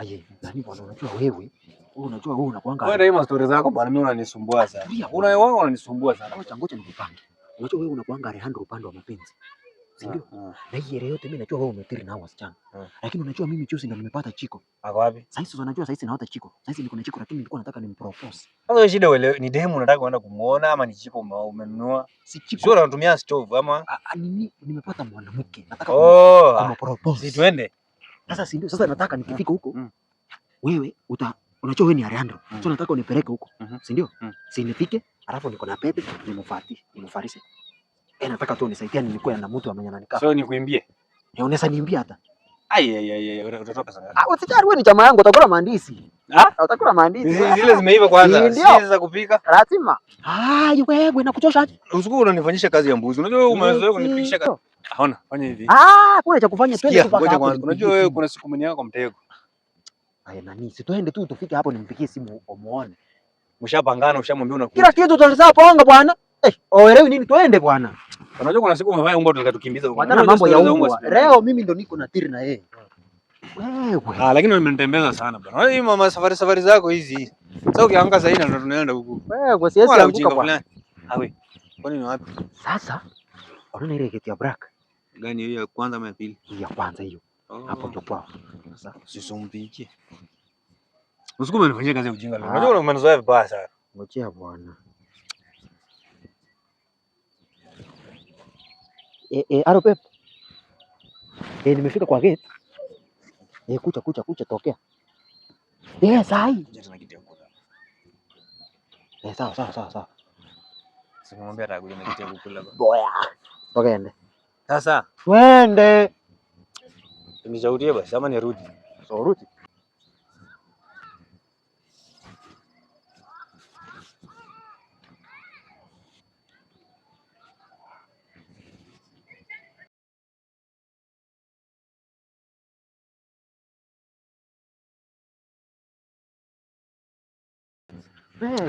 Aye, nani bwana, unajua wewe, wewe unajua wewe unakuanga. Wewe daima story zako bwana, mimi unanisumbua sana. Una wewe unanisumbua sana. Acha ngoja nikupange. Unajua wewe unakuanga Alejandro upande wa mapenzi. Si ndio? Ah, ah. Na hii ile yote mimi najua wewe umetiri na wasichana. Ah. Lakini unajua mimi juzi ndo nimepata chiko. Ako wapi? Sasa hizo unajua sasa hizi naota chiko. Sasa hizi niko na chiko lakini nilikuwa nataka nimpropose. Sasa shida wewe ni demu unataka kwenda kumuona ama ni chiko umemnunua? Si chiko. Sio unatumia stove ama? Nini nimepata mwanamke. Nataka oh, kumpropose. Si tuende. Sasa si ndio? Sasa nataka nikifika huko mm. wewe uta unachua wewe ni Ariandro mm. so nataka unipeleke huko mm -hmm. si ndio? mm. si nifike, alafu niko na pepe ni mufarisi. eh, nataka tu unisaidie, nilikuwa na mtu amenyana nikaa, so nikuimbie, Ni eh, unaweza niimbie hata Ah, usijali, wewe ni chama yangu, utakula maandisi. Ah? Ah, utakula maandisi. Zile zimeiva kwanza, si za kupika. Lazima. Ah, wewe nakuchosha aje? unanifanyisha kazi ya mbuzi. Unajua wewe umezoea kunipigisha kazi. Haona, fanya hivi. Ah, kuna cha kufanya, twende tupaka. Unajua wewe kuna siku mwenyewe kwa mtego. Haya nani, si twende tu tufike hapo nimpigie simu umuone. Mshapangana, ushamwambia unakuja. Kila kitu tutasapanga bwana. Eh, oelewi nini twende bwana. Unajua kuna siku umevaa umbo tukatukimbiza huko. Hata mambo ya umbo. Leo mimi ndo niko na tiri na yeye. Wewe. Ah, lakini umenitembeza sana bwana. Wewe mama safari safari zako hizi. Sasa ukiangaza zaidi ndo tunaenda huko. Wewe kwa siasa anguka bwana. Ah wewe. Kwani ni wapi? Sasa unaona ile kiti ya black. Gani hiyo ya kwanza ama ya pili? Ya kwanza hiyo. Oh. Hapo ndo kwao. Sasa usisumpike. Usiku umenifanyia kazi ya ujinga leo. Ah. Unajua unamanizoea vibaya sana. Ngoja bwana. e, eh, e, eh, aro pepo e, eh, nimefika kwa gate Eh, kucha kucha kucha, tokea Eh, sahi Eh, sawa sawa sawa sawa, simwambia atakuja na kitu kukula boya. Toka ende sasa, twende, nishaurie basi ama nirudi? So rudi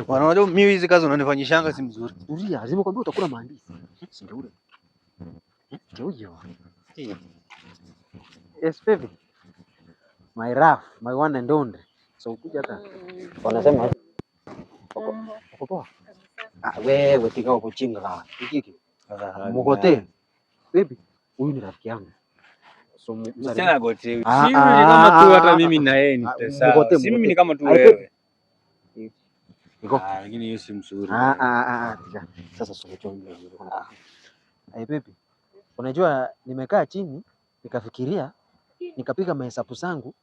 Wanaona mimi hizi kazi unanifanyishanga si mzuri. Ulia, lazima kwambia utakula maandisi. Si ndio ule? Ndio hiyo. Eh, my rough, my one and only. So kuja hata wanasema uko poa? Ah, wewe tika uko chinga. Kiki. Mkote. Baby, huyu ni rafiki yangu. So msichana gote. Ah, Sio ah, kama tu ah, hata mimi na yeye ni pesa. Si mimi ni kama tu wewe. Niko. Ah, lakini si mzuri. Ah ah ah. ah. Sasa sio Hey, baby. Unajua nimekaa chini nikafikiria nikapiga mahesabu zangu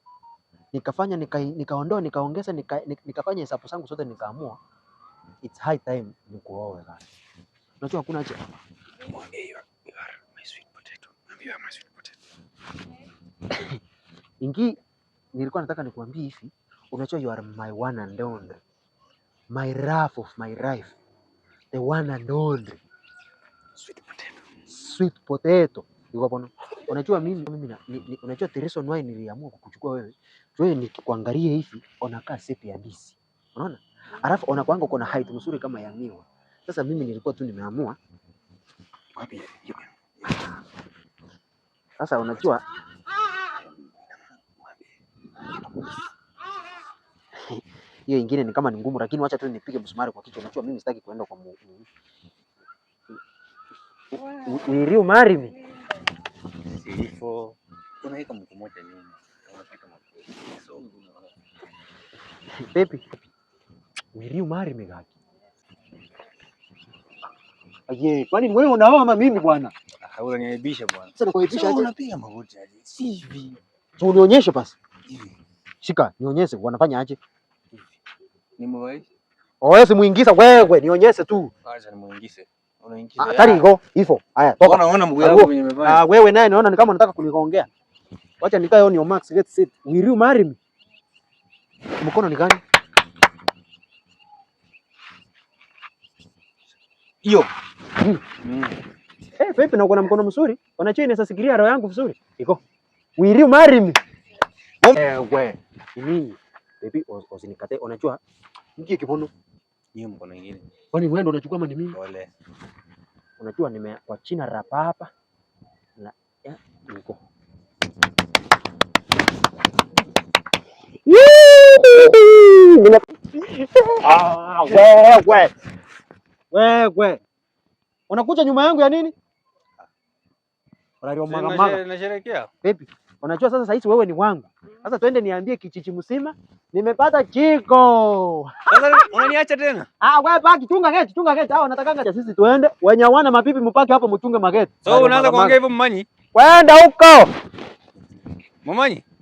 nikafanya nikaondoa nika nikaongeza nika, nikafanya hesabu zangu zote nikaamua it's high time nikuoe basi. Unajua hakuna Ingi nilikuwa nataka nikuambie hivi, unajua you are my one and only my love of my life, the one and only sweet potato, sweet potato. Unajua mimi, mimi ni, unajua Tereso reason why niliamua kukuchukua wewe wewe, nikikuangalia hivi unakaa sepi ya disi, unaona, alafu unakuanga uko na height nzuri kama ya miwa. Sasa mimi nilikuwa tu nimeamua sasa, unajua hiyo ingine ni kama ni ngumu, lakini wacha tu nipige msumari kwa kichwa. Unajua mimi sitaki kuenda kwa mu... Will you marry me? Sifo. Unaweka mkumoja nini? Unapika mafuta. Baby. Will you marry me gaki? Aje, kwani wewe unaoa ama mimi bwana? Unaniaibisha bwana. Sasa nakuaibisha aje? Unapiga magoti aje? Sivi. Tu Unionyeshe basi. Shika, nionyeshe wanafanya aje? Oya oh, simuingiza wewe, nionyeshe tu. Acha nimuingize. Unaingiza. Ah, hatari iko hivyo. Haya, toka. Unaona mguu wangu kwenye Ah, wewe naye naona ni kama unataka kunigongea. Wacha nikae on your marks, get set. Will you marry me? Mkono ni gani? Hiyo. Hmm. Hmm. Eh, vipi na uko na mkono mzuri? Unajua inasasikiria roho yangu vizuri. Iko. Will you marry me? Eh, wewe. Mimi. Baby, usinikatae. Unajua mjie kibono. Yeye mkono ingine, Kwani wewe ndio unachukua mani mimi? Pole. Unajua nime kwa China rapa hapa. Na ya niko. Ah, wewe wewe. Unakuja nyuma yangu ya nini? Unajua sasa sasa hizi wewe ni wangu. Sasa twende niambie kichichi msima Nimepata kiko. unaniacha tena? Ah, wewe baki tunga geti, tunga geti. Hao natakanga cha sisi tuende. Wenye wana mapipi mpake hapo mtunge mageti. So unaanza kuongea hivyo mmanyi? kwenda huko. Mmanyi?